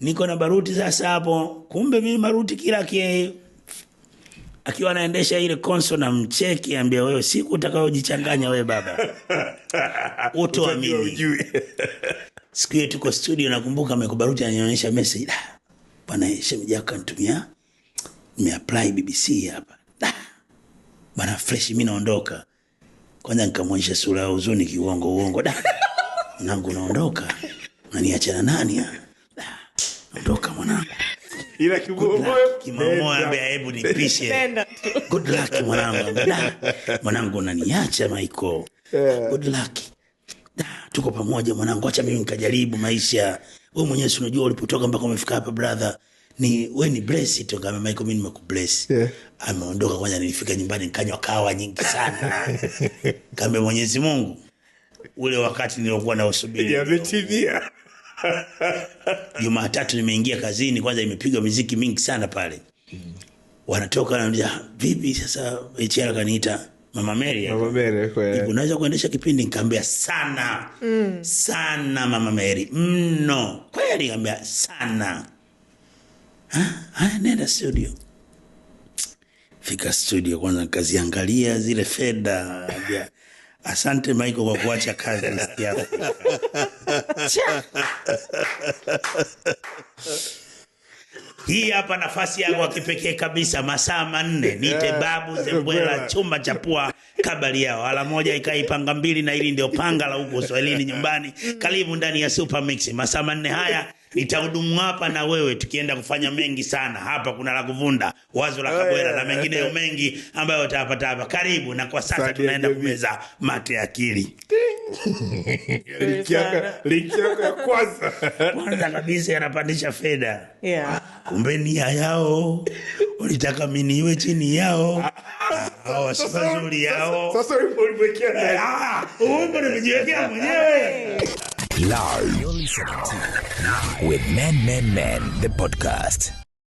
niko na Baruti sasa hapo, kumbe mimi maruti kila kie akiwa anaendesha ile konso na mcheki, ambia wewe, siku utakayojichanganya wewe baba utoamini siku hiyo tuko studio, nakumbuka Mekubaruti ananionyesha message da, bwana jaka nitumia apply BBC hapa da, bwana fresh, mimi naondoka. Kwanza nikamwonyesha sura ya huzuni, kiuongo uongo da, nangu naondoka, naniachana nani ya? Ondoka mwanangu. Ila kibomoyo ambaye hebu nipishe. Good luck mwanangu. Mwanangu unaniacha Maiko. Eh. Good luck. da, Tuko pamoja mwanangu, acha mimi nikajaribu maisha. Wewe mwenyewe si unajua ulipotoka mpaka umefika hapa brother ni we ni bless tu kama Michael mimi nimekubless yeah. Ameondoka kwanza, nilifika nyumbani nikanywa kawa nyingi sana kama Mwenyezi Mungu ule wakati niliokuwa nausubiri umetimia. Jumatatu nimeingia kazini, kwanza imepigwa miziki mingi sana pale wanatoka wananiambia vipi sasa, HR kaniita Mama Mary, Mama Mary kweli, unaweza kuendesha kipindi? Nikamwambia sana mm. sana Mama Mary mno, kweli nikamwambia sana. Ah, haya, nenda studio. Fika studio kwanza, nikaziangalia zile fedha Asante Michael kwa kuacha kazi yako. Hii hapa nafasi yangu akipekee kabisa, masaa manne niite babu zebwela chumba cha pua kabali yao ala moja panga mbili, na hili ndio panga la huko Swahilini nyumbani. Karibu ndani ya Super masaa manne haya nitahudumu hapa na wewe, tukienda kufanya mengi sana hapa. Kuna la kuvunda, wazo la kabwela na mengineyo mengi ambayo utayapata hapa. Karibu, na kwa sasa tunaenda kumeza mate ya akili. Kwanza kabisa yanapandisha fedha, yeah. Kumbe nia yao ulitaka miniwe chini yao wasiazuri ah, ah, oh, yao, umbo nimejiwekea eh, ah, mwenyewe. live with Men, Men, Men, the podcast.